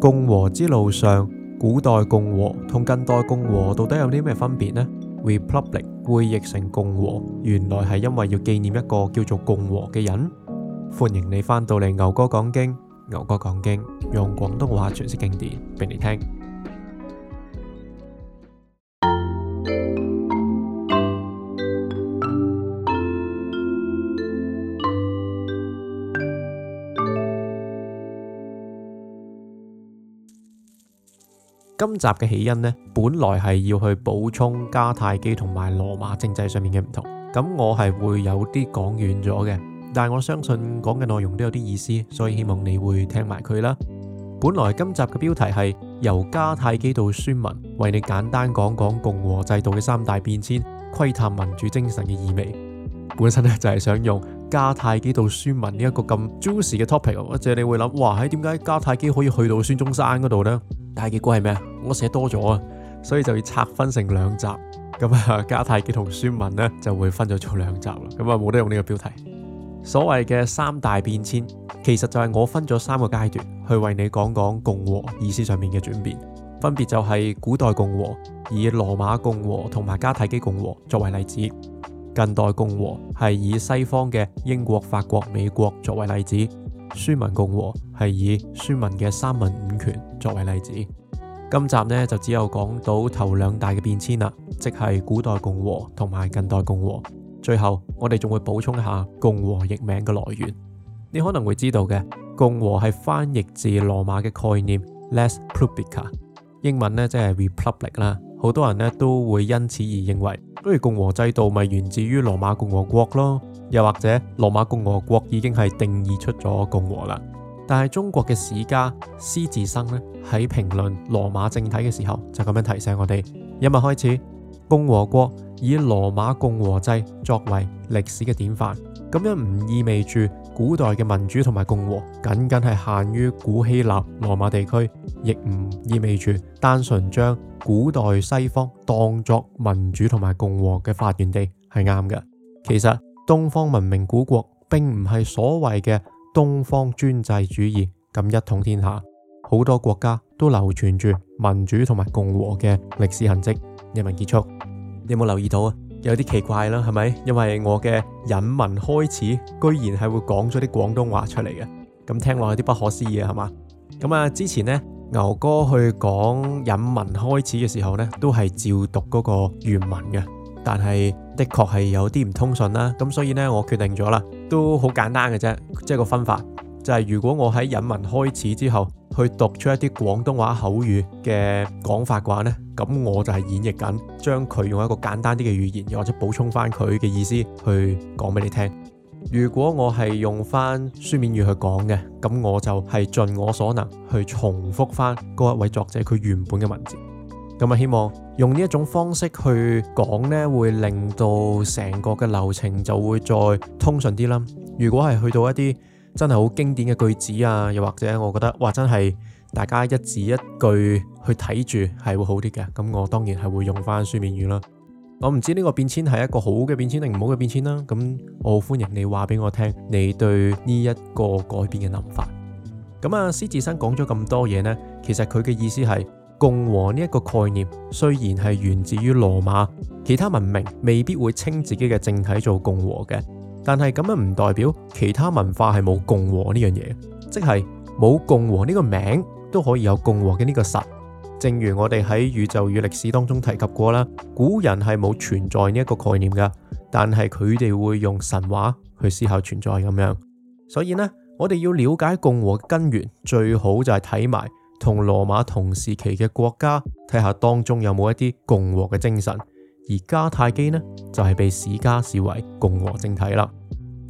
共和之路上，古代共和同近代共和到底有啲咩分別呢？Republic 會譯成共和，原來係因為要紀念一個叫做共和嘅人。歡迎你返到嚟，牛哥講經，牛哥講經，用廣東話詮釋經典俾你聽。今集嘅起因呢，本來係要去補充迦太基同埋羅馬政制上面嘅唔同，咁我係會有啲講遠咗嘅，但係我相信講嘅內容都有啲意思，所以希望你會聽埋佢啦。本來今集嘅標題係由迦太基到孫文，為你簡單講講共和制度嘅三大變遷，窺探民主精神嘅意味。本身呢就係想用迦太基到孫文呢一個咁 juicy 嘅 topic，或者你會諗，哇，誒，點解迦太基可以去到孫中山嗰度呢？但係結果係咩啊？我寫多咗啊，所以就要拆分成兩集咁啊。迦太基同孫文咧就會分咗做兩集啦。咁啊，冇得用呢個標題。所謂嘅三大變遷，其實就係我分咗三個階段去為你講講共和意思上面嘅轉變，分別就係古代共和以羅馬共和同埋迦太基共和作為例子，近代共和係以西方嘅英國、法國、美國作為例子，孫文共和係以孫文嘅三民五權作為例子。今集呢就只有講到頭兩大嘅變遷啦，即係古代共和同埋近代共和。最後我哋仲會補充下共和譯名嘅來源。你可能會知道嘅，共和係翻譯自羅馬嘅概念 res publica，英文呢即係 republic 啦。好多人呢都會因此而認為，不如共和制度咪源自於羅馬共和國咯？又或者羅馬共和國已經係定義出咗共和啦？但係中國嘅史家施治生呢喺評論羅馬政體嘅時候就咁樣提醒我哋：今日開始共和國以羅馬共和制作為歷史嘅典範，咁樣唔意味住古代嘅民主同埋共和僅僅係限於古希臘、羅馬地區，亦唔意味住單純將古代西方當作民主同埋共和嘅發源地係啱嘅。其實東方文明古國並唔係所謂嘅。東方專制主義咁一統天下，好多國家都流傳住民主同埋共和嘅歷史痕迹。引文結束。你有冇留意到啊？有啲奇怪啦，係咪？因為我嘅引文開始，居然係會講咗啲廣東話出嚟嘅，咁聽落有啲不可思議啊，係嘛？咁啊，之前呢，牛哥去講引文開始嘅時候呢，都係照讀嗰個原文嘅，但係的確係有啲唔通順啦，咁所以呢，我決定咗啦。都好簡單嘅啫，即係個分法就係如果我喺引文開始之後去讀出一啲廣東話口語嘅講法嘅話呢，咁我就係演繹緊，將佢用一個簡單啲嘅語言，又或者補充翻佢嘅意思去講俾你聽。如果我係用翻書面語去講嘅，咁我就係盡我所能去重複翻嗰一位作者佢原本嘅文字。咁啊，希望用呢一種方式去講呢會令到成個嘅流程就會再通順啲啦。如果係去到一啲真係好經典嘅句子啊，又或者我覺得哇，真係大家一字一句去睇住係會好啲嘅。咁我當然係會用翻書面語啦。我唔知呢個變遷係一個好嘅變遷定唔好嘅變遷啦。咁我歡迎你話俾我聽，你對呢一個改變嘅諗法。咁啊，施治生講咗咁多嘢呢，其實佢嘅意思係。共和呢一個概念雖然係源自於羅馬，其他文明未必會稱自己嘅政體做共和嘅，但係咁樣唔代表其他文化係冇共和呢樣嘢，即係冇共和呢個名都可以有共和嘅呢個實。正如我哋喺宇宙與歷史當中提及過啦，古人係冇存在呢一個概念㗎，但係佢哋會用神話去思考存在咁樣。所以呢，我哋要了解共和嘅根源，最好就係睇埋。同羅馬同時期嘅國家，睇下當中有冇一啲共和嘅精神。而迦太基呢，就係、是、被史家視為共和政體啦。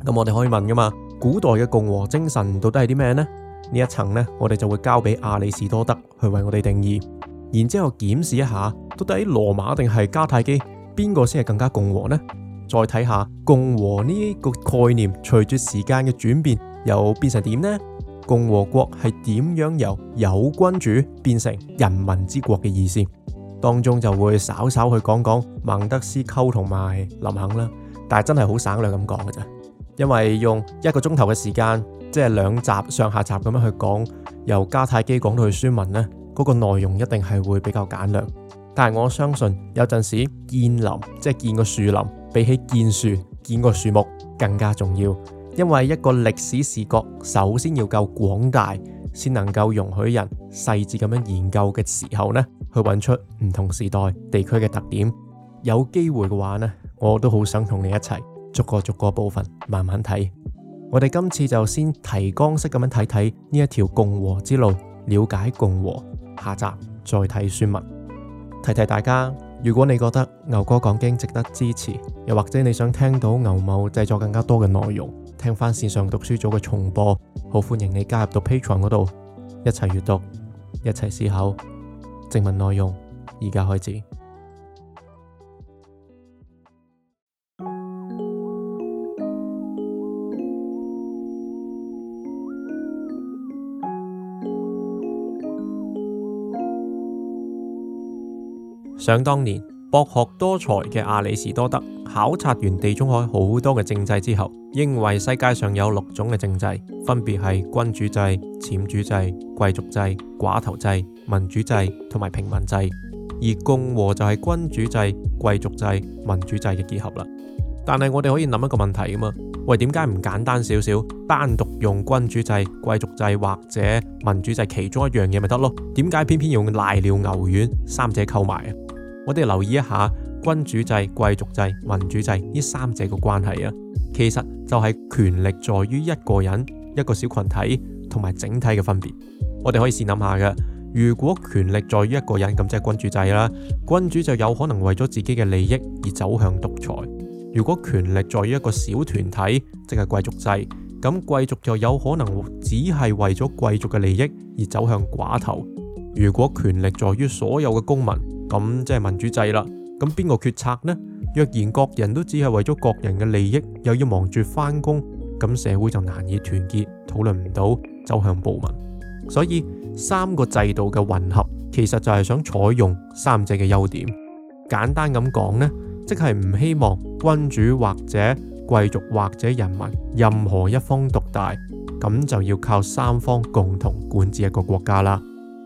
咁、嗯、我哋可以問噶嘛，古代嘅共和精神到底係啲咩呢？呢一層呢，我哋就會交俾亞里士多德去為我哋定義。然之後檢視一下，到底羅馬定係迦太基邊個先係更加共和呢？再睇下共和呢個概念，隨住時間嘅轉變，又變成點呢？共和國係點樣由有君主變成人民之國嘅意思，當中就會稍稍去講講孟德斯鳩同埋林肯啦。但係真係好省略咁講嘅啫，因為用一個鐘頭嘅時間，即係兩集上下集咁樣去講，由迦太基講到去孫文呢，嗰、那個內容一定係會比較簡略。但係我相信有陣時見林，即係見個樹林，比起見樹見個樹木更加重要。因為一個歷史視角，首先要夠廣大，先能夠容許人細緻咁樣研究嘅時候呢，去揾出唔同時代地區嘅特點。有機會嘅話呢，我都好想同你一齊逐個逐個部分慢慢睇。我哋今次就先提綱式咁樣睇睇呢一條共和之路，了解共和。下集再睇孫文。提提大家，如果你覺得牛哥講經值得支持，又或者你想聽到牛某製作更加多嘅內容，聽翻線上讀書組嘅重播，好歡迎你加入到 Patreon 嗰度，一齊閱讀，一齊思考。正文內容，而家開始，想當年。博學多才嘅亞里士多德考察完地中海好多嘅政制之後，認為世界上有六種嘅政制，分別係君主制、僭主制、貴族制、寡頭制、民主制同埋平民制。而共和就係君主制、貴族制、民主制嘅結合啦。但係我哋可以諗一個問題啊嘛，喂，點解唔簡單少少，單獨用君主制、貴族制或者民主制其中一樣嘢咪得咯？點解偏偏用瀨尿牛丸三者扣埋啊？我哋留意一下君主制、貴族制、民主制呢三者嘅關係啊，其實就係權力在於一個人、一個小群體同埋整體嘅分別，我哋可以試諗下嘅，如果權力在於一個人，咁即係君主制啦，君主就有可能為咗自己嘅利益而走向獨裁；如果權力在於一個小團體，即係貴族制，咁貴族就有可能只係為咗貴族嘅利益而走向寡頭，如果權力在於所有嘅公民，咁即係民主制啦，咁邊個決策呢？若然各人都只係為咗各人嘅利益，又要忙住返工，咁社會就難以團結，討論唔到，走向暴民。所以三個制度嘅混合，其實就係想採用三者嘅優點。簡單咁講呢，即係唔希望君主或者貴族或者人民任何一方獨大，咁就要靠三方共同管治一個國家啦。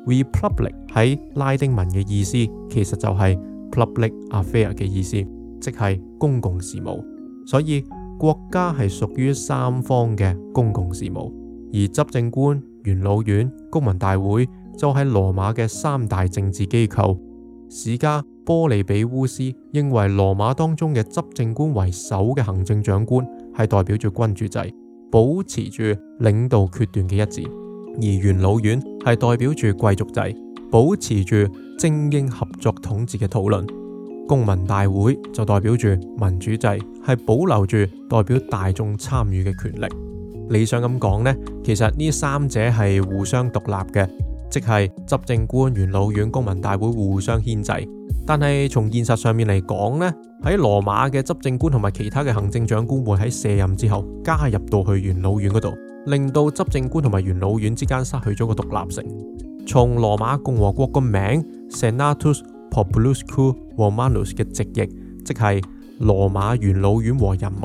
Republic 喺拉丁文嘅意思，其實就係 public affair 嘅意思，即係公共事務。所以國家係屬於三方嘅公共事務，而執政官、元老院、公民大會就係羅馬嘅三大政治機構。史家波利比烏斯認為，羅馬當中嘅執政官為首嘅行政長官係代表住君主制，保持住領導決斷嘅一致，而元老院，係代表住貴族制，保持住精英合作統治嘅討論；公民大會就代表住民主制，係保留住代表大眾參與嘅權力。理想咁講呢，其實呢三者係互相獨立嘅，即係執政官、元老院、公民大會互相牽制。但係從現實上面嚟講呢，喺羅馬嘅執政官同埋其他嘅行政長官會喺卸任之後加入到去元老院嗰度。令到執政官同埋元老院之間失去咗個獨立性。從羅馬共和國個名 Senatus Populusque Romanus 嘅直譯，即係羅馬元老院和人民，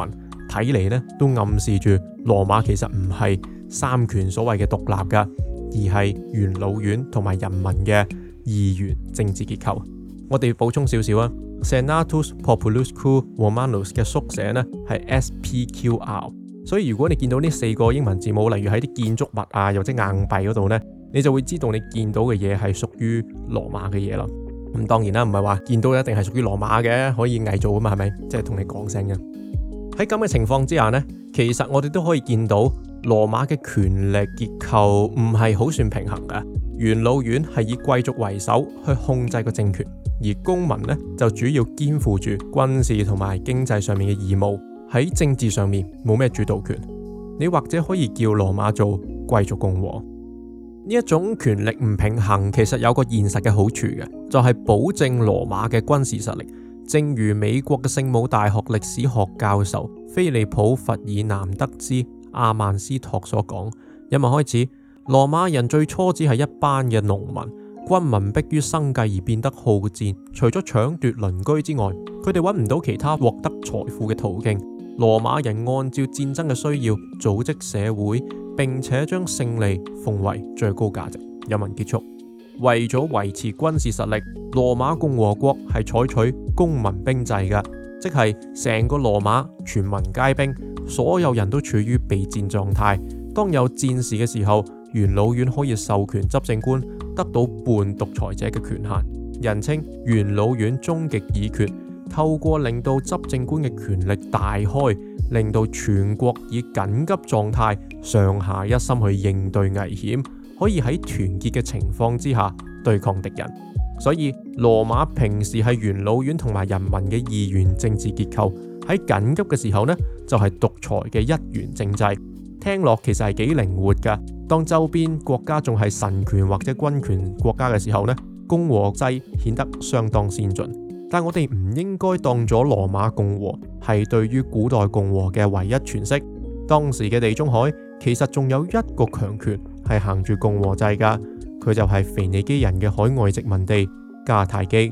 睇嚟咧都暗示住羅馬其實唔係三權所謂嘅獨立噶，而係元老院同埋人民嘅二元政治結構。我哋要補充少少啊，Senatus Populusque Romanus 嘅縮寫呢，係 SPQR。所以如果你見到呢四個英文字母，例如喺啲建築物啊，或者硬幣嗰度呢，你就會知道你見到嘅嘢係屬於羅馬嘅嘢啦。咁當然啦，唔係話見到一定係屬於羅馬嘅，可以偽造啊嘛，係咪？即係同你講聲嘅。喺咁嘅情況之下呢，其實我哋都可以見到羅馬嘅權力結構唔係好算平衡嘅。元老院係以貴族為首去控制個政權，而公民呢，就主要肩負住軍事同埋經濟上面嘅義務。喺政治上面冇咩主導權，你或者可以叫羅馬做貴族共和呢一種權力唔平衡，其實有個現實嘅好處嘅，就係保證羅馬嘅軍事實力。正如美國嘅聖母大學歷史學教授菲利普法爾南德茲·阿曼斯托所講：因為開始羅馬人最初只係一班嘅農民，軍民迫於生計而變得好戰，除咗搶奪鄰居之外，佢哋搵唔到其他獲得財富嘅途徑。羅馬人按照戰爭嘅需要組織社會，並且將勝利奉為最高價值。有文結束。為咗維持軍事實力，羅馬共和國係採取公民兵制嘅，即係成個羅馬全民皆兵，所有人都處於備戰狀態。當有戰事嘅時候，元老院可以授權執政官得到半獨裁者嘅權限，人稱元老院終極議決。透過令到執政官嘅權力大開，令到全國以緊急狀態，上下一心去應對危險，可以喺團結嘅情況之下對抗敵人。所以羅馬平時係元老院同埋人民嘅二元政治結構，喺緊急嘅時候呢就係獨裁嘅一元政制。聽落其實係幾靈活噶。當周邊國家仲係神權或者軍權國家嘅時候呢，共和制顯得相當先進。但我哋唔應該當咗羅馬共和係對於古代共和嘅唯一詮釋。當時嘅地中海其實仲有一個強權係行住共和制㗎，佢就係腓尼基人嘅海外殖民地迦太基。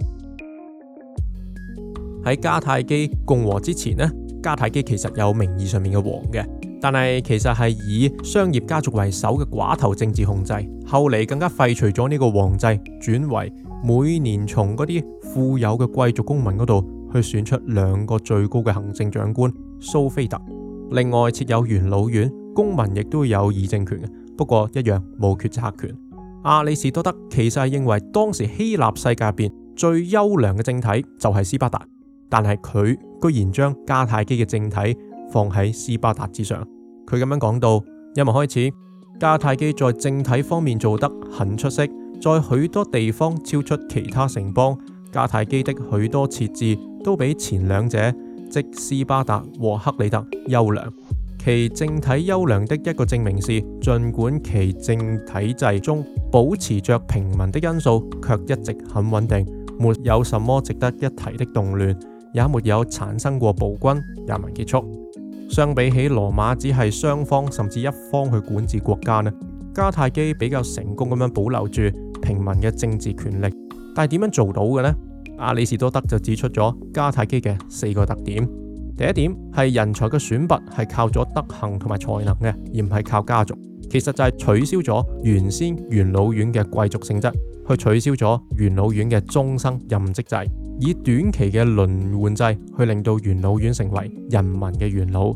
喺迦太基共和之前呢，迦太基其實有名義上面嘅王嘅，但係其實係以商業家族為首嘅寡頭政治控制。後嚟更加廢除咗呢個王制，轉為。每年從嗰啲富有嘅貴族公民嗰度去選出兩個最高嘅行政長官蘇菲特。另外設有元老院，公民亦都有議政權，不過一樣冇決策權。亞里士多德其實係認為當時希臘世界入邊最優良嘅政體就係斯巴達，但係佢居然將迦太基嘅政體放喺斯巴達之上。佢咁樣講到，因為開始迦太基在政體方面做得很出色。在許多地方超出其他城邦，迦太基的許多設置都比前兩者，即斯巴達和克里特優良。其政體優良的一個證明是，儘管其政體制中保持著平民的因素，卻一直很穩定，沒有什麼值得一提的動亂，也沒有產生過暴君。人民結束相比起羅馬只雙，只係雙方甚至一方去管治國家呢？迦太基比較成功咁樣保留住，平民嘅政治權力，但係點樣做到嘅咧？亞里士多德就指出咗迦太基嘅四個特點。第一點，係人才嘅選拔係靠咗德行同埋才能嘅，而唔係靠家族。其實就係取消咗原先元老院嘅貴族性質，去取消咗元老院嘅終生任職制，以短期嘅輪換制去令到元老院成為人民嘅元老。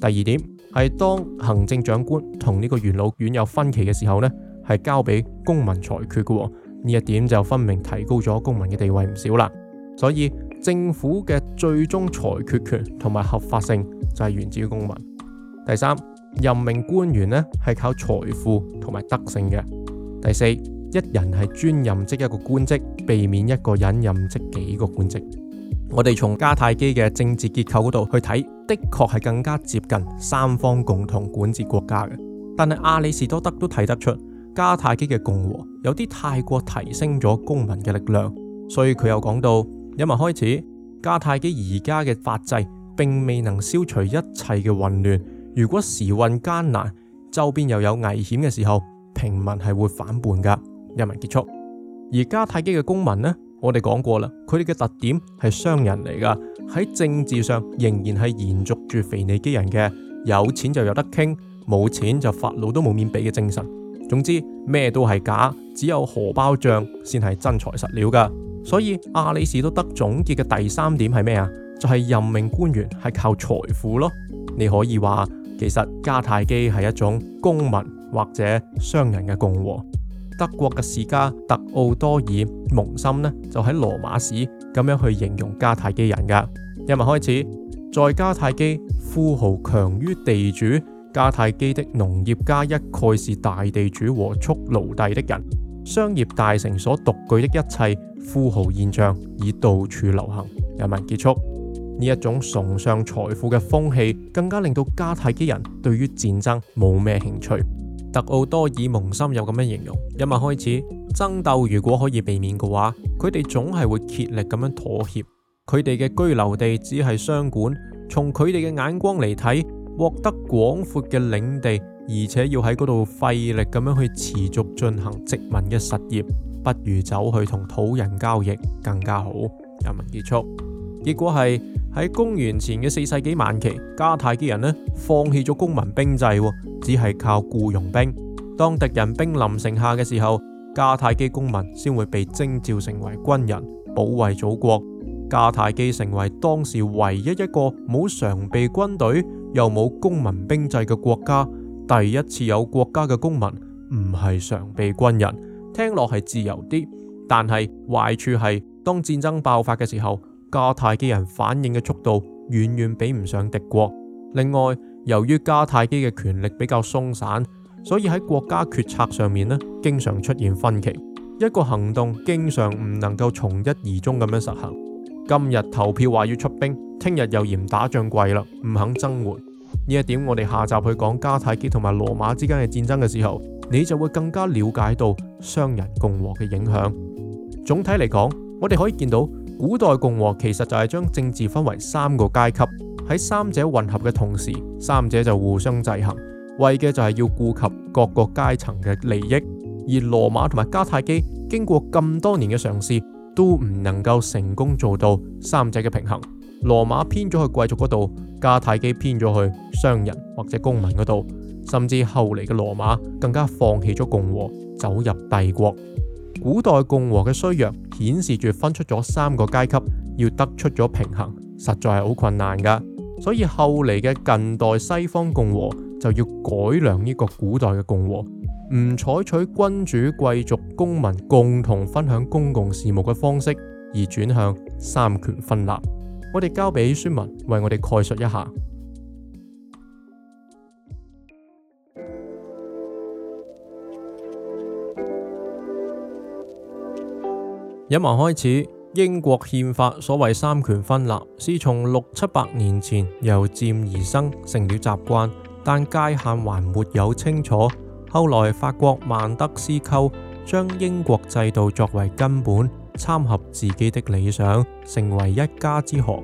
第二點，係當行政長官同呢個元老院有分歧嘅時候咧。係交俾公民裁決嘅，呢一點就分明提高咗公民嘅地位唔少啦，所以政府嘅最終裁決權同埋合法性就係源自於公民。第三，任命官員呢，係靠財富同埋德性嘅。第四，一人係專任職一個官職，避免一個人任職幾個官職。我哋從迦太基嘅政治結構嗰度去睇，的確係更加接近三方共同管治國家嘅。但係亞里士多德都睇得出。迦太基嘅共和有啲太過提升咗公民嘅力量，所以佢又講到：一文開始，迦太基而家嘅法制並未能消除一切嘅混亂。如果時運艱難，周邊又有危險嘅時候，平民係會反叛噶。一文結束，而迦太基嘅公民呢？我哋講過啦，佢哋嘅特點係商人嚟噶，喺政治上仍然係延續住腓尼基人嘅有錢就有得傾，冇錢就發怒都冇面畀嘅精神。總之咩都係假，只有荷包脹先係真材實料噶。所以亞里士多德總結嘅第三點係咩啊？就係任命官員係靠財富咯。你可以話，其實迦太基係一種公民或者商人嘅共和。德國嘅史家特奧多爾蒙森呢就喺羅馬史咁樣去形容迦太基人噶。一文開始，在迦太基，富豪強於地主。迦太基的農業家一概是大地主和速奴隸的人，商業大城所獨具的一切富豪現象已到處流行。人民結束呢一種崇尚財富嘅風氣，更加令到迦太基人對於戰爭冇咩興趣。特奧多爾蒙森有咁樣形容：一旦開始爭鬥如果可以避免嘅話，佢哋總係會竭力咁樣妥協。佢哋嘅居留地只係商館，從佢哋嘅眼光嚟睇。獲得廣闊嘅領地，而且要喺嗰度費力咁樣去持續進行殖民嘅實業，不如走去同土人交易更加好。人民結束，結果係喺公元前嘅四世紀晚期，迦太基人呢，放棄咗公民兵制，只係靠僱傭兵。當敵人兵臨城下嘅時候，迦太基公民先會被徵召成為軍人保衛祖國。迦太基成為當時唯一一個冇常備軍隊，又冇公民兵制嘅國家，第一次有國家嘅公民唔係常備軍人，聽落係自由啲，但係壞處係當戰爭爆發嘅時候，迦太基人反應嘅速度遠遠比唔上敵國。另外，由於迦太基嘅權力比較鬆散，所以喺國家決策上面呢，經常出現分歧，一個行動經常唔能夠從一而終咁樣實行。今日投票話要出兵。聽日又嫌打仗貴啦，唔肯增援。呢一點我哋下集去講迦太基同埋羅馬之間嘅戰爭嘅時候，你就會更加了解到商人共和嘅影響。總體嚟講，我哋可以見到古代共和其實就係將政治分為三個階級，喺三者混合嘅同時，三者就互相制衡，為嘅就係要顧及各個階層嘅利益。而羅馬同埋迦太基經過咁多年嘅嘗試，都唔能夠成功做到三者嘅平衡。羅馬偏咗去貴族嗰度，迦太基偏咗去商人或者公民嗰度，甚至後嚟嘅羅馬更加放棄咗共和，走入帝國。古代共和嘅衰弱顯示住分出咗三個階級，要得出咗平衡，實在係好困難㗎。所以後嚟嘅近代西方共和就要改良呢個古代嘅共和，唔採取君主、貴族、公民共同分享公共事務嘅方式，而轉向三權分立。我哋交俾孫文為我哋概述一下。 引文開始，英國憲法所謂三權分立，是從六七百年前由漸而生，成了習慣，但界限還沒有清楚。後來法國孟德斯鳩將英國制度作為根本。參合自己的理想，成為一家之學。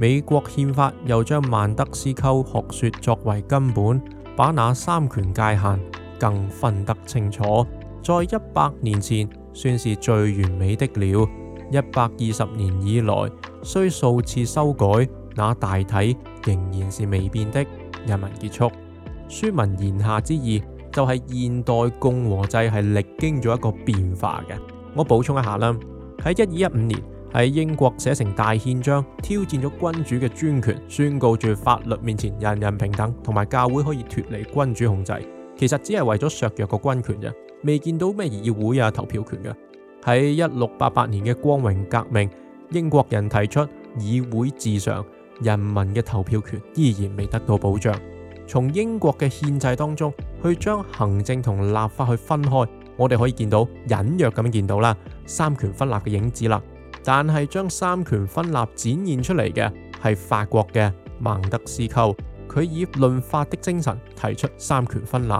美國憲法又將孟德斯鳩學說作為根本，把那三權界限更分得清楚。在一百年前算是最完美的了。一百二十年以來，雖數次修改，那大體仍然是未變的。人民結束。孫文言下之意，就係、是、現代共和制係歷經咗一個變化嘅。我補充一下啦。喺一二一五年，喺英國寫成《大憲章》，挑戰咗君主嘅專權，宣告住法律面前人人平等，同埋教會可以脫離君主控制。其實只係為咗削弱個君權啫，未見到咩議會啊投票權㗎。喺一六八八年嘅光榮革命，英國人提出議會至上，人民嘅投票權依然未得到保障，從英國嘅憲制當中去將行政同立法去分開。我哋可以見到隱約咁樣見到啦，三權分立嘅影子啦。但係將三權分立展現出嚟嘅係法國嘅孟德斯鳩，佢以論法的精神提出三權分立。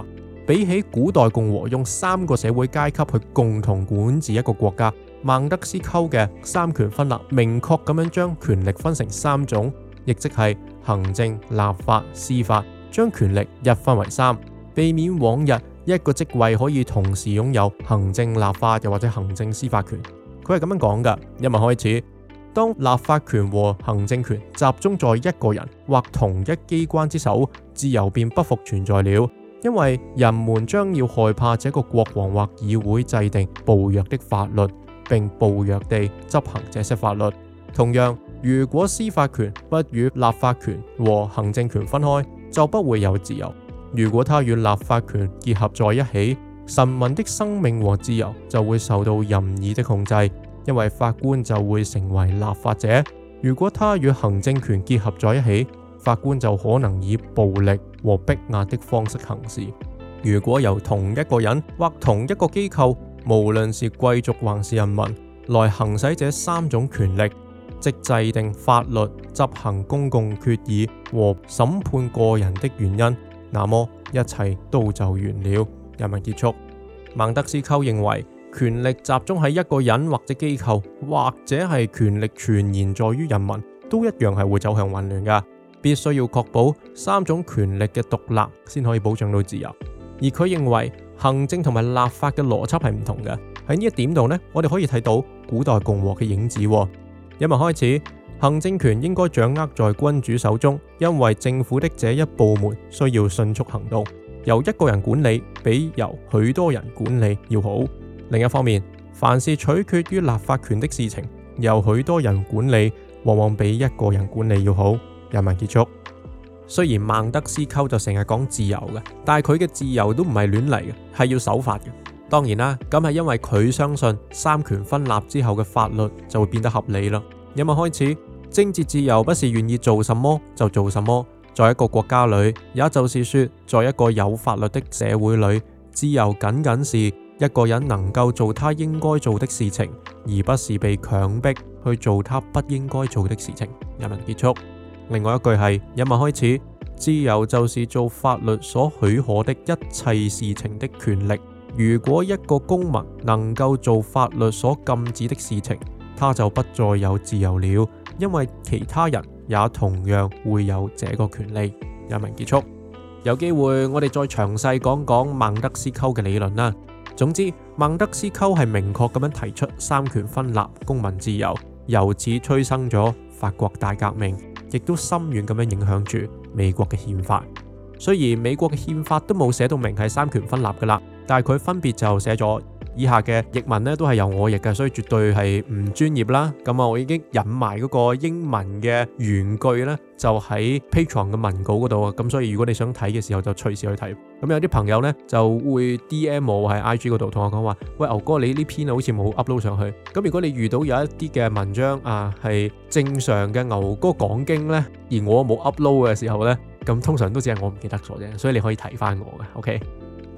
比起古代共和用三個社會階級去共同管治一個國家，孟德斯鳩嘅三權分立，明確咁樣將權力分成三種，亦即係行政、立法、司法，將權力一分為三，避免往日，一個職位可以同時擁有行政、立法又或者行政、司法權。佢係咁樣講噶，一文開始，當立法權和行政權集中在一個人或同一機關之手，自由便不復存在了，因為人們將要害怕這個國王或議會制定暴虐的法律，並暴虐地執行這些法律。同樣，如果司法權不與立法權和行政權分開，就不會有自由。如果他與立法權結合在一起，臣民的生命和自由就會受到任意的控制，因為法官就會成為立法者。如果他與行政權結合在一起，法官就可能以暴力和逼壓的方式行事。如果由同一個人或同一個機構，無論是貴族還是人民，來行使這三種權力，即制定法律、執行公共決議和審判個人的原因。那麼一切都就完了，人民結束。孟德斯鳩認為，權力集中喺一個人或者機構，或者係權力全然在於人民，都一樣係會走向混亂噶。必須要確保三種權力嘅獨立，先可以保障到自由。而佢認為，行政同埋立法嘅邏輯係唔同嘅。喺呢一點度呢，我哋可以睇到古代共和嘅影子。因為開始。行政權應該掌握在君主手中，因為政府的這一部門需要迅速行動，由一個人管理比由許多人管理要好。另一方面，凡是取決於立法權的事情，由許多人管理往往比一個人管理要好。人民結束。雖然孟德斯鳩就成日講自由嘅，但係佢嘅自由都唔係亂嚟嘅，係要守法嘅。當然啦，咁係因為佢相信三權分立之後嘅法律就會變得合理啦。有冇開始？政治自由不是願意做什麼就做什麼，在一個國家裏，也就是說，在一個有法律的社會裏，自由僅僅是一個人能夠做他應該做的事情，而不是被強迫去做他不應該做的事情。引文結束。另外一句係：引文開始，自由就是做法律所許可的一切事情的權力。如果一個公民能夠做法律所禁止的事情，他就不再有自由了。因為其他人也同樣會有這個權利。音頻結束，有機會我哋再詳細講講孟德斯鳩嘅理論啦。總之，孟德斯鳩係明確咁樣提出三權分立、公民自由，由此催生咗法國大革命，亦都深遠咁樣影響住美國嘅憲法。雖然美國嘅憲法都冇寫到明係三權分立噶啦，但係佢分別就寫咗。以下嘅譯文咧都係由我譯嘅，所以絕對係唔專業啦。咁啊，我已經引埋嗰個英文嘅原句咧，就喺 Patreon 嘅文稿嗰度啊。咁所以如果你想睇嘅時候，就隨時去睇。咁有啲朋友咧就會 D M 我喺 I G 嗰度，同我講話：喂，牛哥，你呢篇好似冇 upload 上去。咁如果你遇到有一啲嘅文章啊係正常嘅牛哥講經咧，而我冇 upload 嘅時候咧，咁通常都只係我唔記得咗啫。所以你可以睇翻我嘅，OK？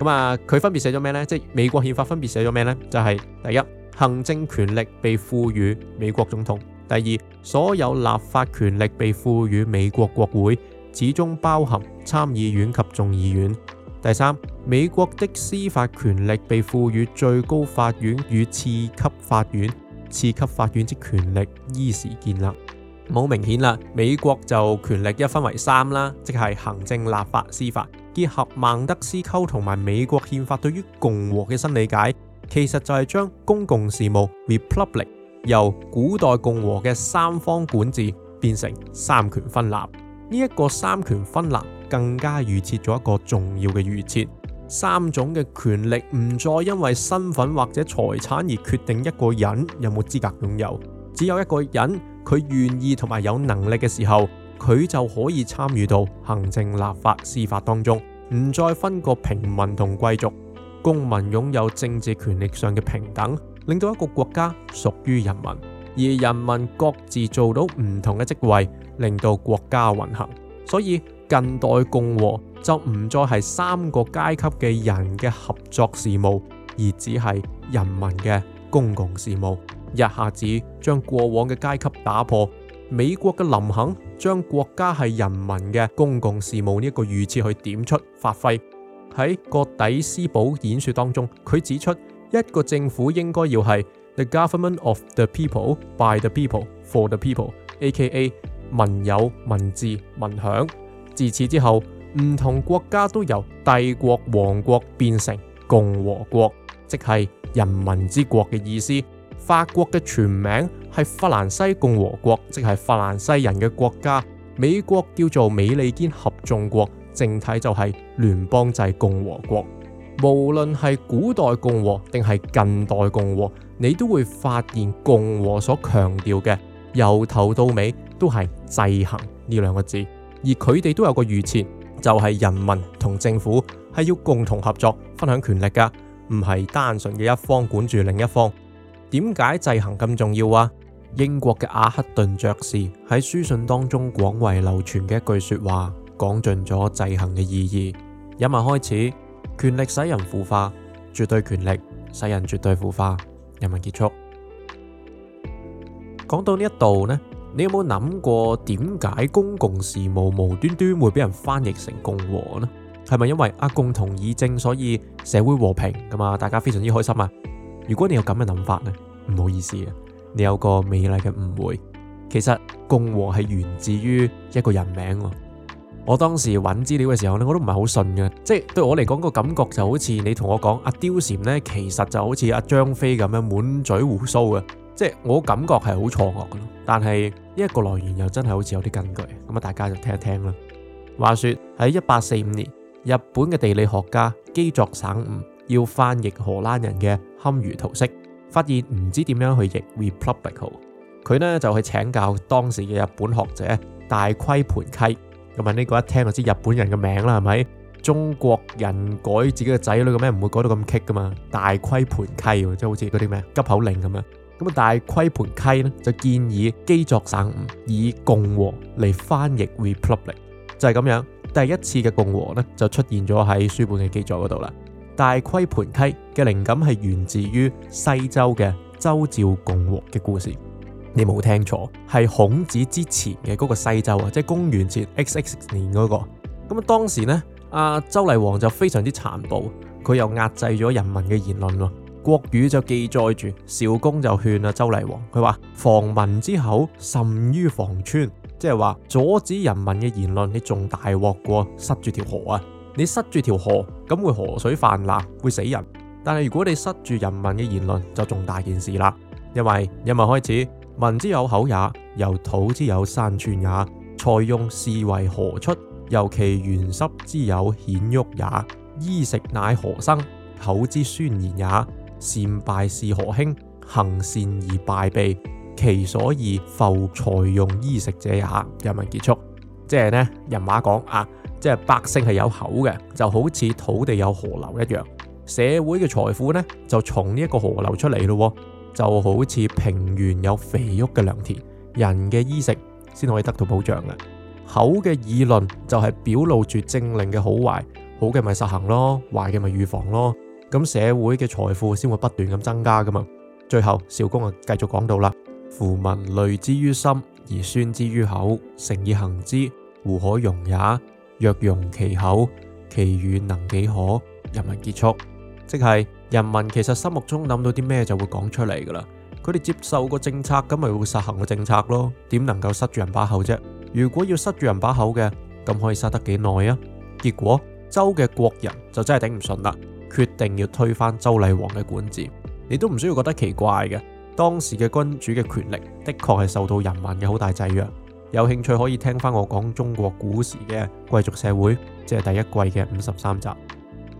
咁啊，佢分別寫咗咩呢？即係美國憲法分別寫咗咩呢？就係第一，行政權力被賦予美國總統；第二，所有立法權力被賦予美國國會，始終包含參議院及眾議院；第三，美國的司法權力被賦予最高法院與次級法院，次級法院之權力依時建立。好明顯啦，美國就權力一分為三啦，即係行政、立法、司法。結合孟德斯鳩同埋美國憲法對於共和嘅新理解，其實就係將公共事務 Republic 由古代共和嘅三方管治變成三權分立。呢一個三權分立更加預設咗一個重要嘅預設，三種嘅權力唔再因為身份或者財產而決定一個人有冇資格擁有，只有一個人。佢願意同埋有能力嘅時候，佢就可以參與到行政、立法、司法當中，唔再分個平民同貴族。公民擁有政治權力上嘅平等，令到一個國家屬於人民，而人民各自做到唔同嘅職位，令到國家運行。所以近代共和就唔再係三個階級嘅人嘅合作事務，而只係人民嘅公共事務。一下子將過往嘅階級打破。美國嘅林肯將國家係人民嘅公共事務呢一個預設去點出，發揮喺葛底斯堡演說當中，佢指出一個政府應該要係 the government of the people by the people for the people，A.K.A. 民有、民治、民享。自此之後，唔同國家都由帝國、王國變成共和國，即係人民之國嘅意思。法國嘅全名係法蘭西共和國，即係法蘭西人嘅國家。美國叫做美利堅合眾國，政體就係聯邦制共和國。無論係古代共和定係近代共和，你都會發現共和所強調嘅由頭到尾都係制衡呢兩個字。而佢哋都有個預設，就係、是、人民同政府係要共同合作，分享權力噶，唔係單純嘅一方管住另一方。點解制衡咁重要啊？英國嘅阿克頓爵士喺書信當中廣為流傳嘅一句說話，講盡咗制衡嘅意義。引文開始，權力使人腐化，絕對權力使人絕對腐化。引文結束。講到呢一度呢，你有冇諗過點解公共事務無端端會俾人翻譯成共和呢？係咪因為阿共同議政，所以社會和平噶嘛？大家非常之開心啊！如果你有咁嘅諗法呢，唔好意思啊，你有個美麗嘅誤會。其實共和係源自於一個人名。我當時揾資料嘅時候呢，我都唔係好信嘅，即係對我嚟講個感覺就好似你同我講阿貂蟬呢，其實就好似阿、啊、張飛咁樣滿嘴鬍鬚嘅，即係我感覺係好錯愕嘅。但係呢一個來源又真係好似有啲根據，咁啊大家就聽一聽啦。話說喺一八四五年，日本嘅地理學家基作省吾。要翻譯荷蘭人嘅堪如圖式，發現唔知點樣去譯 republic 佢呢就去請教當時嘅日本學者大龜盤溪。同埋呢個一聽就知日本人嘅名啦，係咪？中國人改自己嘅仔女嘅咩？唔會改到咁激噶嘛？大龜盤溪，即係好似嗰啲咩急口令咁樣。咁啊，大龜盤溪呢，就建議基作省吾以共和嚟翻譯 republic，就係咁樣，第一次嘅共和呢，就出現咗喺書本嘅記載嗰度啦。大龜盤溪嘅靈感係源自於西周嘅周召共和嘅故事，你冇聽錯，係孔子之前嘅嗰個西周啊，即係公元前 X X 年嗰、那個。咁啊，當時呢，阿、啊、周厲王就非常之殘暴，佢又壓制咗人民嘅言論。國語就記載住，召公就勸啊周厲王，佢話防民之口，甚於防川，即係話阻止人民嘅言論，你仲大鑊過塞住條河啊！你塞住條河，咁會河水泛濫，會死人。但係如果你塞住人民嘅言論，就仲大件事啦。因為人民開始， 民之有口也，由土之有山川也；財用是為何出？由其原濕之有顯育也；衣食乃何生？口之宣言也；善敗是何興？行善而敗備，其所以浮財用衣食者也。人民結束，即係呢人話講啊。即係百姓係有口嘅，就好似土地有河流一樣，社會嘅財富呢，就從呢一個河流出嚟咯，就好似平原有肥沃嘅良田，人嘅衣食先可以得到保障嘅。口嘅議論就係表露住政令嘅好壞，好嘅咪實行咯，壞嘅咪預防咯。咁社會嘅財富先會不斷咁增加噶嘛。最後召公啊繼續講到啦，夫民慮之於心而宣之於口，誠以行之，胡可壅也。若用其口，其語能幾可？人民結束，即係人民，其實心目中諗到啲咩就會講出嚟㗎喇。佢哋接受個政策，咁咪會實行個政策咯。點能夠塞住人把口啫？如果要塞住人把口嘅，咁可以塞得幾耐啊？結果周嘅國人就真係頂唔順啦，決定要推翻周厲王嘅管治。你都唔需要覺得奇怪嘅，當時嘅君主嘅權力，的確係受到人民嘅好大制約。有興趣可以聽翻我講中國古時嘅貴族社會，即係第一季嘅五十三集。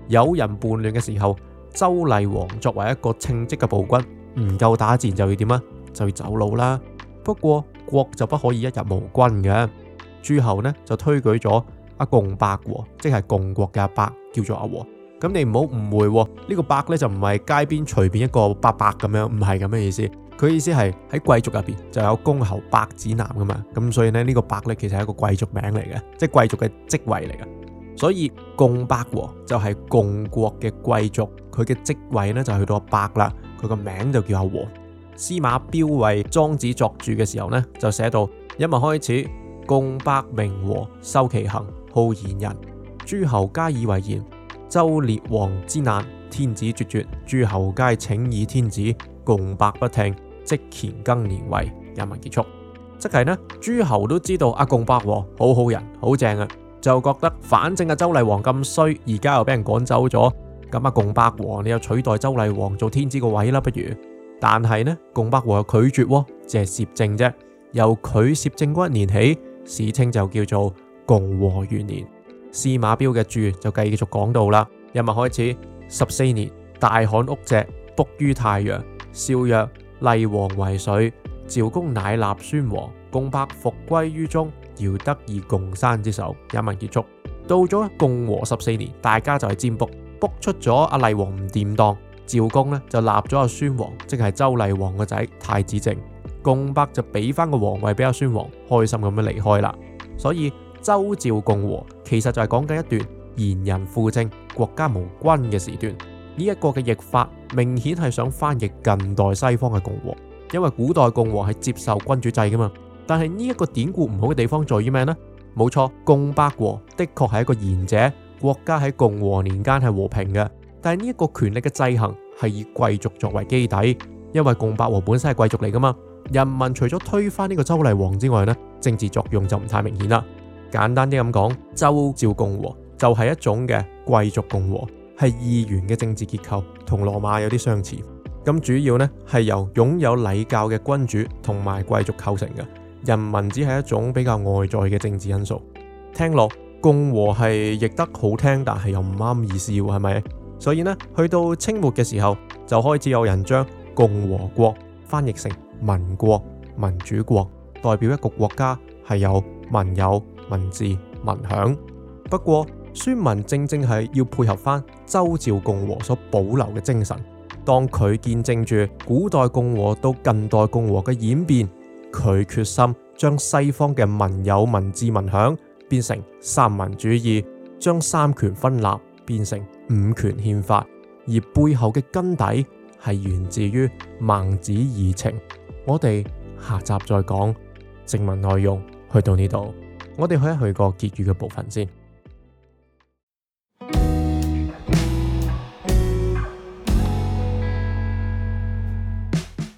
有人叛亂嘅時候，周厲王作為一個稱職嘅暴君，唔夠打仗就要點啊？就要走佬啦。不過，國就不可以一日無君嘅，諸侯呢就推舉咗阿共伯國，即係共國嘅阿伯，叫做阿和。咁你唔好誤會、喎，呢、呢個伯呢就唔係街邊隨便一個伯伯咁樣，唔係咁嘅意思。佢意思係喺貴族入邊就有公侯伯子男噶嘛，咁所以呢，呢、呢個伯呢，其實係一個貴族名嚟嘅，即係貴族嘅職位嚟嘅。所以共伯和就係、是、共國嘅貴族，佢嘅職位呢就去到阿伯啦，佢個名就叫阿和。司馬彪為莊子作注嘅時候呢，就寫到一物開始，共伯名和，修其行，好賢人，諸侯皆以為賢。周列王之難，天子絕絕，諸侯皆請以天子，共伯不聽。即乾更年位，人民結束。即係呢，諸侯都知道阿共伯和好好人，好正啊，就覺得反正阿周厲王咁衰，而家又俾人趕走咗，咁、嗯、阿共伯和你又取代周厲王做天子個位啦，不如？但係呢，共伯和拒絕、啊，只係攝政啫。由佢攝政嗰一年起，史稱就叫做共和元年。司馬彪嘅注就繼續講到啦。人民開始十四年，大旱屋脊卜于太陽，笑曰。厲王為水，召公乃立宣王，共伯復歸於宗，堯得以共山之首。引文結束。到咗共和十四年，大家就係占卜，卜出咗阿厲王唔掂當，召公呢就立咗阿宣王，即係周厲王個仔太子靜，共伯就俾翻個皇位俾阿宣王，開心咁樣離開啦。所以周召共和其實就係講緊一段賢人輔政、國家無君嘅時段。呢一個嘅譯法明顯係想翻譯近代西方嘅共和，因為古代共和係接受君主制噶嘛。但係呢一個典故唔好嘅地方在於咩呢？冇錯，共伯和的確係一個賢者，國家喺共和年間係和平嘅，但係呢一個權力嘅制衡係以貴族作為基底，因為共伯和本身係貴族嚟噶嘛。人民除咗推翻呢個周厲王之外呢，政治作用就唔太明顯啦。簡單啲咁講，周召共和就係一種嘅貴族共和。係議員嘅政治結構同羅馬有啲相似，咁主要呢係由擁有禮教嘅君主同埋貴族構成嘅，人民只係一種比較外在嘅政治因素。聽落共和係譯得好聽，但係又唔啱意思喎，係咪？所以呢，去到清末嘅時候，就開始有人將共和國翻譯成民國、民主國，代表一個國家係有民有、民治、民享。不過，孫文正正係要配合翻周召共和所保留嘅精神。當佢見證住古代共和到近代共和嘅演變，佢決心將西方嘅民有民民、民治、民享變成三民主義，將三權分立變成五權憲法，而背後嘅根底係源自於孟子義情。我哋下集再講正文內容。去到呢度，我哋去一去個結語嘅部分先。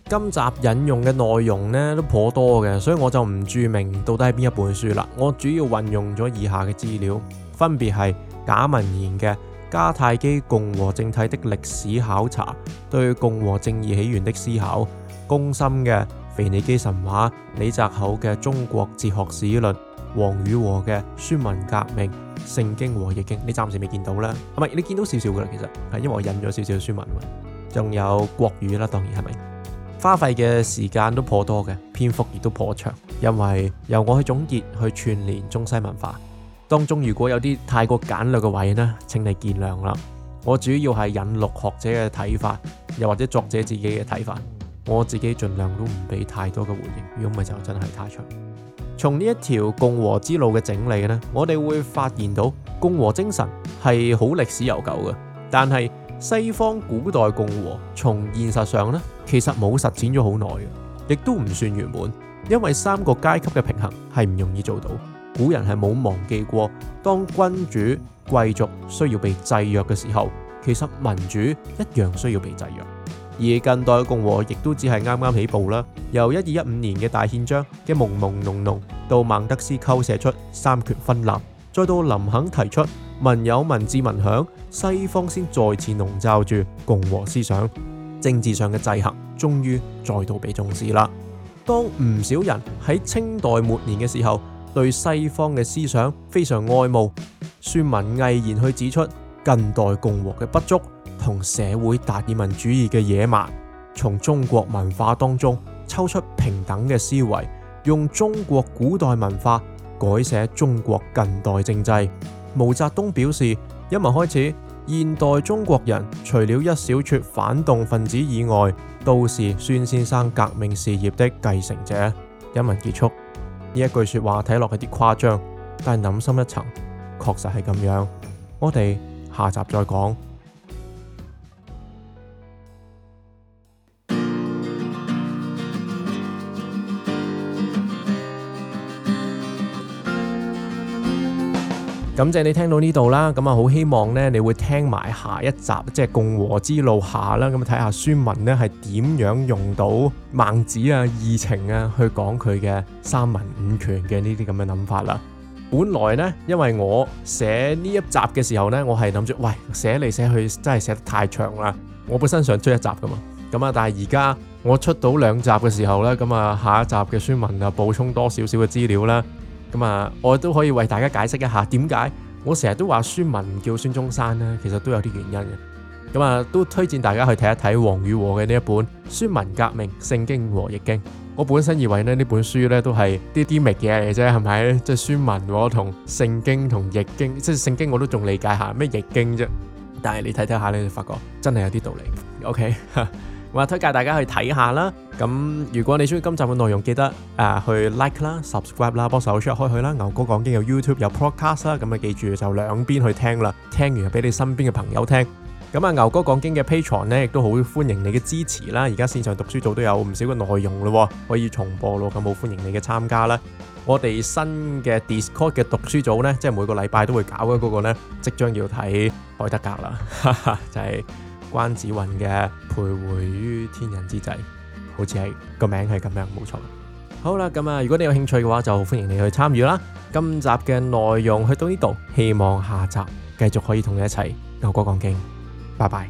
今集引用嘅內容呢，都頗多嘅，所以我就唔注明到底係邊一本書啦。我主要運用咗以下嘅資料，分別係賈文言嘅《迦太基共和政體的歷史考察》，對共和正義起源的思考；公心嘅《腓尼基神話》，李澤厚嘅《中國哲學史論》，黃宇和嘅《孫文革命》，《聖經》和《易經》你暫是是。你暫時未見到啦，係咪？你見到少少噶啦，其實係因為我引咗少少孫文嘛。仲有國語啦，當然係咪？是花費嘅時間都頗多嘅，篇幅亦都頗長，因為由我去總結去串聯中西文化當中，如果有啲太過簡略嘅位呢，請你見諒啦。我主要係引錄學者嘅睇法，又或者作者自己嘅睇法，我自己盡量都唔俾太多嘅回應，如果唔係就真係太長。從呢一條共和之路嘅整理呢，我哋會發現到共和精神係好歷史悠久嘅，但係。西方古代共和從現實上呢，其實冇實踐咗好耐，亦都唔算圓滿，因為三個階級嘅平衡係唔容易做到。古人係冇忘記過，當君主貴族需要被制約嘅時候，其實民主一樣需要被制約。而近代共和亦都只係啱啱起步啦，由一二一五年嘅大憲章嘅朦朦朧朧，到孟德斯鳩寫出三權分立。再到林肯提出民有民治民享，西方先再次籠罩住共和思想，政治上嘅制衡終於再度被重視啦。當唔少人喺清代末年嘅時候，對西方嘅思想非常愛慕，孫文毅然去指出近代共和嘅不足同社會達爾文主義嘅野蠻，從中國文化當中抽出平等嘅思維，用中國古代文化改寫中國近代政制，毛澤東表示：一文開始，現代中國人除了一小撮反動分子以外，都是孫先生革命事業的繼承者。一文結束，呢一句說話睇落有啲誇張，但諗深一層，確實係咁樣。我哋下集再講。感謝你聽到呢度啦，咁啊好希望呢，你會聽埋下一集，即係共和之路下啦，咁睇下孫文呢係，點樣用到孟子啊、二程啊去講佢嘅三民五權嘅呢啲咁嘅諗法啦。本來呢，因為我寫呢一集嘅時候呢，我係諗住，喂寫嚟寫去真係寫得太長啦，我本身想追一集噶嘛，咁啊，但係而家我出到兩集嘅時候呢，咁啊下一集嘅孫文啊補充多少少嘅資料啦。咁啊，我都可以為大家解釋一下點解我成日都話孫文叫孫中山呢，其實都有啲原因嘅。咁啊，都推薦大家去睇一睇黃宇和嘅呢一本《孫文革命聖經和易經》。我本身以為呢呢本書呢都係啲啲微嘢嚟啫，係咪？即係孫文同聖經同易經，即係聖經我都仲理解下咩易經啫。但係你睇睇下你，就發覺真係有啲道理。OK。我推介大家去睇下啦，咁如果你中意今集嘅內容，記得誒去 like 啦、subscribe 啦、幫手 share 開去啦。牛哥講經有 YouTube 有 podcast 啦，咁啊記住就兩邊去聽啦。聽完就俾你身邊嘅朋友聽。咁啊牛哥講經嘅 Patreon 咧，亦都好歡迎你嘅支持啦。而家線上讀書組都有唔少嘅內容咯，可以重播咯，咁好歡迎你嘅參加啦。我哋新嘅 Discord 嘅讀書組呢，即係每個禮拜都會搞嘅嗰個呢，即將要睇海德格啦， 就係、是。關子雲嘅徘徊於天人之際，好似係個名係咁樣，冇錯。好啦，咁啊，如果你有興趣嘅話，就歡迎你去參與啦。今集嘅內容去到呢度，希望下集繼續可以同你一齊牛哥講經。拜拜。